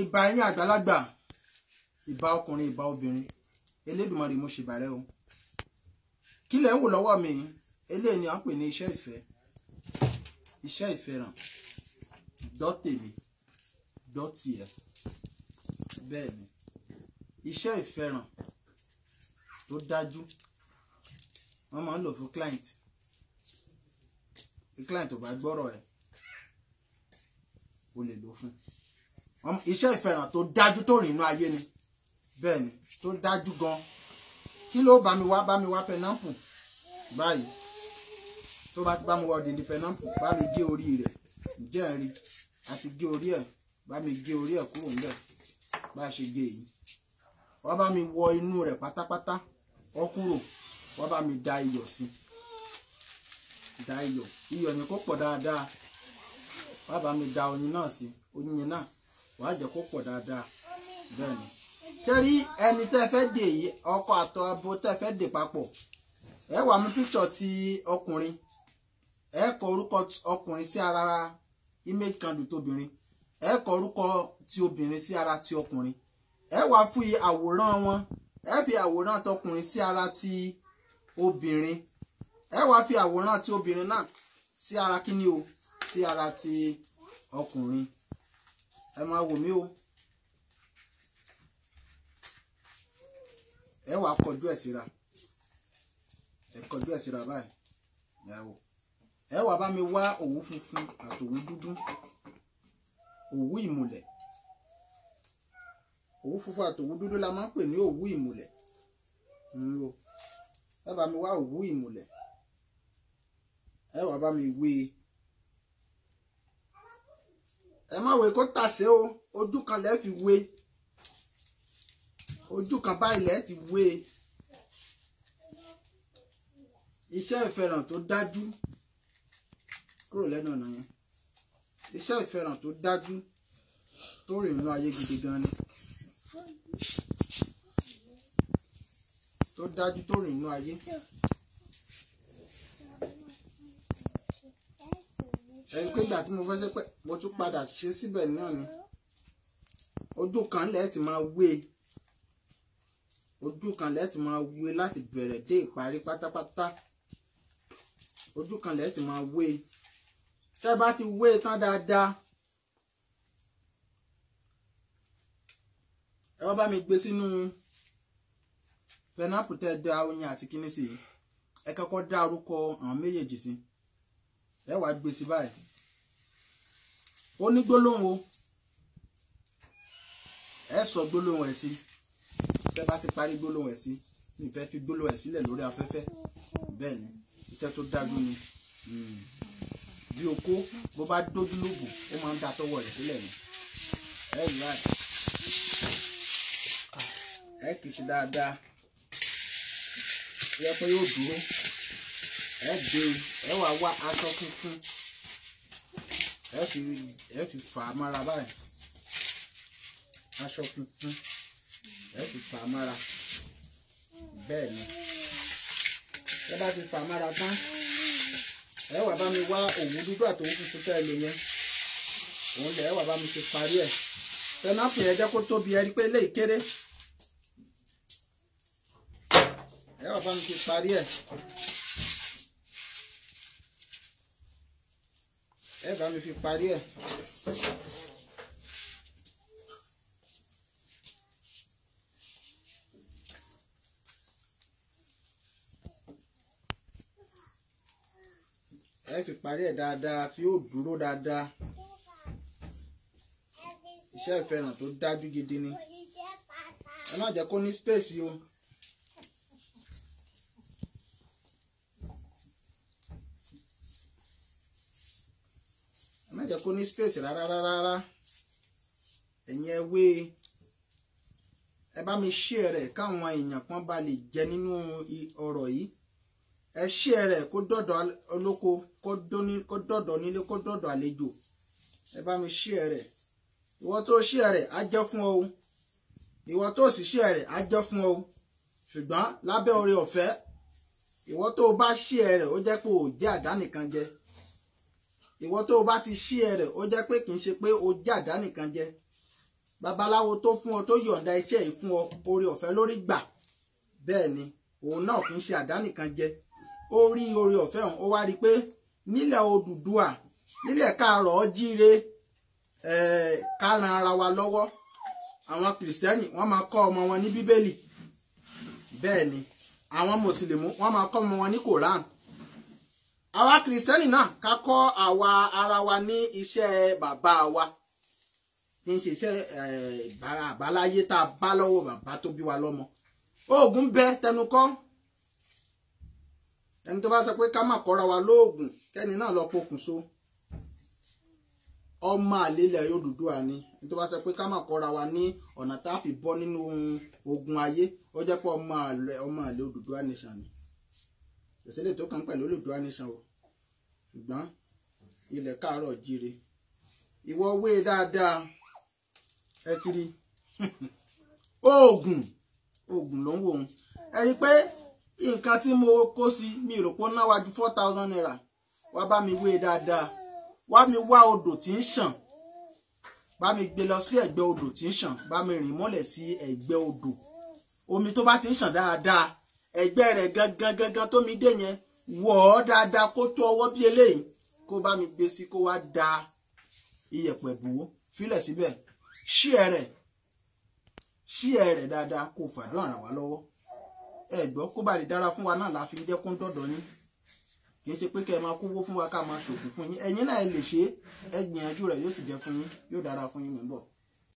ìbà yín àgbàlagbà ìbà ọkùnrin ìbà obìnrin Elédùmarè mo ṣèbàrẹ́ o kí lẹ̀ ń wò lọ́wọ́ mi eléyìí ni à ń pè ní iṣẹ́ ìfẹ́ iṣẹ́ ìfẹ́ràn dọ́tèmi dọ́tìẹ̀ bẹ́ẹ̀ ni iṣẹ́ ìfẹ́ràn tó dájú wọ́n máa ń lò fún client client ò bá gbọ́rọ̀ ẹ̀ o lè lò fún un iṣẹ́ ìfẹ̀ràn tó dájú tó rìn inú ayé ni bẹ́ẹ̀ ni tó dájú gan kí ló bá mi wá bá mi wá pẹnámpù báyìí tó bá ti bá mi wá ọ̀dìndì pẹnámpù bá mi gé orí rẹ̀ ǹjẹ́ ẹ̀ rí àti gé orí ẹ̀ bá mi gé orí ẹ̀ kúrò ńbẹ̀ bá a ṣe gé yìí wọ́n bá mi wọ inú rẹ̀ pátápátá ọ kúrò wọ́n bá mi da iyọ̀ sí da iyọ̀ iyọ̀ ni kó pọ̀ dáadáa wọ́n bá mi da oyin náà sí oyin náà wàá jẹ́ kó pọ̀ dáadáa bẹ́ẹ̀ ni ṣẹ́rí ẹni tẹ́ fẹ́ dè yìí ọkọ àtọ abo tẹ́ fẹ́ dè papọ̀ ẹ wàá mú picture ti ọkùnrin ẹ kọ orúkọ ọkùnrin sí ara image candle tóbìnrin ẹ kọ orúkọ ti obìnrin sí ara ti ọkùnrin ẹ wàá fi àwòrán wọn ẹ fi àwòrán tọkùnrin sí ara ti obìnrin ẹ wàá fi àwòrán ti obìnrin náà sí ara kíní o sí ara ti ọkùnrin ẹ máa wò mí o ẹ wàá kọjú ẹ síra ẹ kọjú ẹ síra báyìí ẹ wò ẹ wàá bá mi wá òwú funfun àtòwú dúdú òwú ìmùlẹ̀ òwú funfun àtòwú dúdú la máa ń pè ní òwú ìmùlẹ̀ nro ẹ bá mi wá òwú ìmùlẹ̀ ẹ wàá bá mi wé e ẹ má wẹ kó tàsé o ojú kan lẹ fi wé ojú kan báyìí lẹ ti wé iṣẹ́ ìfẹ́ràn tó dájú kúrò lẹ́nu ọ̀nà yẹn iṣẹ́ ìfẹ́ràn tó dájú tó rìn nínú ayé gidi gan ni tó dájú tó rìn nínú ayé. ẹni pé ìgbà tí mo fẹ́ ṣe pé mo tún padà ṣe síbẹ̀ náà ni ojú kan lẹ́ẹ̀tì máa wé ojú kan lẹ́ẹ̀tì máa wé láti bẹ̀rẹ̀ dé ìparí pátápátá ojú kan lẹ́ẹ̀tì máa wé tẹ́ bá ti wé tán dáadáa ẹ wá bá mi gbé sínú pineapple tẹ́ dá oyin àti kíní sí ẹ kọ́kọ́ dá orúkọ àwọn méjèèjì sí ẹ wá gbé sí báyìí ó ní gbólóhùn o ẹ sọ gbólóhùn ẹ sí tẹ́ bá ti parí gbólóhùn ẹ sí ní ìfẹ́ fi gbólóhùn ẹ sílẹ̀ lórí afẹ́fẹ́ bẹ́ẹ̀ ni iṣẹ́ tó dájú ni hmm. bí okó bó bá dójú lóògùn ó máa ń da tọwọ́ rẹ̀ sílẹ̀ ni ẹ rí láì ẹ kì í ṣe dáadáa ó yẹ pé yóò dúró ẹ gbé e ẹ wàá wá aṣọ funfun ẹ fi ẹ fi fà á mára báyìí aṣọ funfun ẹ fi fà á mára bẹ́ẹ̀ ni ẹ bá ti fà á mára tán ẹ wá bá mi wá òwú dúdú àtòwú funfun tẹ́ ẹ lò yẹn òun lẹ̀ ẹ wá bá mi ti parí ẹ̀ tẹnápù yẹn jẹ́ kó tóbi ẹ rí pé léè kéré ẹ wá bá mi ti parí ẹ̀. ẹ bá mi fi parí ẹ̀. ẹ fi parí ẹ̀ dáadáa tí yóò dúró dáadáa iṣẹ́ ìfẹ́ràn tó dájú gidi ni ẹ má jẹ́ kó ní space o. má jẹ́ kó ní space rárá rárá rárá ẹ̀yin ẹ wé ẹ bá mi share rẹ̀ káwọn èèyàn kan bá lè jẹ nínú ọ̀rọ̀ yìí ẹ share rẹ̀ kó dọ̀dọ̀ olóko kó dọ̀dọ̀ nílé kó dọ̀dọ̀ àlejò ẹ bá mi share rẹ̀ ìwọ tó share rẹ̀ á jẹ́ fún ọ ìwọ tó sì share rẹ̀ á jẹ́ fún ọ ṣùgbọ́n lábẹ́ oore ọ̀fẹ́ ìwọ tó bá share rẹ̀ ó jẹ́ pé ò jẹ́ àdánìkan ìwọ tó o bá ti ṣí ẹ rẹ̀ ó jẹ́ pé kì í ṣe pé o jàdá nìkan jẹ babaláwo tó fún ọ tó yọ̀ǹda iṣẹ́ yìí fún ọ oore ọ̀fẹ́ lórí gbà bẹ́ẹ̀ ni òun náà kì í ṣe àdá nìkan jẹ ó rí oore ọ̀fẹ́ ọ̀hún ó wá rí i pé nílẹ̀ Odùduwà nílẹ̀ káàrọ̀ jíire ká ran ara wa lọ́wọ́ àwọn kìrìsìtẹ́nì wọ́n máa kọ́ ọmọ wọn ní bíbélì bẹ́ẹ̀ ni àwọn mùsùlùmí wọ́n máa kọ́ ọmọ wọn ní kòrán àwa kìrìsìtẹ́nì náà ká kọ́ àwa ara wa ní iṣẹ́ bàbá wa tí ń ṣiṣẹ́ eh, àbáláyé tá a bá lọ́wọ́ bàbá tó bí wa lọ́mọ oògùn bẹ tẹnu kọ́ ẹni tó bá sọ pé ká má kọ́ra wa lóògùn kẹ́ni náà lọ pokùnso ọmọ àlélẹ̀ Odùduwà ni ẹni tó bá sọ pé ká má kọ́ra wa ní ọ̀nà tá a fi bọ́ nínú ogun ayé ó jẹ́ pé ọmọ àlè Odùduwà nìṣàn ni òṣèlè tó kàn pẹ̀lú Odùduwà nìṣàn o ṣùgbọ́n ilẹ̀ káàárọ̀ jíire ìwọ wé e dáadáa ẹ ti rí oògùn oògùn ló ń wò ó ẹ rí i pé nǹkan tí mo kó sí mi rò pé náà wájú four thousand naira wá bá mi wé e dáadáa wá mi wá odò tí ń ṣàn bá mi gbé lọ sí ẹ̀gbẹ́ odò tí ń ṣàn bá mi rìn mọ́lẹ̀ sí ẹ̀gbẹ́ odò omi tó bá ti ń ṣàn dáadáa ẹ̀gbẹ́ rẹ̀ gangan gangan tómi dé yẹn wọ̀ ọ́ dáadáa kó tó ọwọ́ bí eléyìí kó bá mi gbé sí kó wá da iyẹ̀pẹ̀ bò ó fílẹ̀ síbẹ̀ ṣí ẹ rẹ̀ ṣí ẹ rẹ̀ dáadáa kó fàdó àràn wá lọ́wọ́ ẹ gbọ́ kó bá lè dára fún wa náà la fi jẹ́ kó ń dọ̀dọ̀ yín kì í ṣe pé kẹ́ ẹ máa kówó fún wa ká máa ṣògùn fún yín ẹ̀yin náà ẹ lè ṣe é ẹ gbìyànjú rẹ̀ yóò sì jẹ́ fún yín yóò dára fún yín mú bọ̀.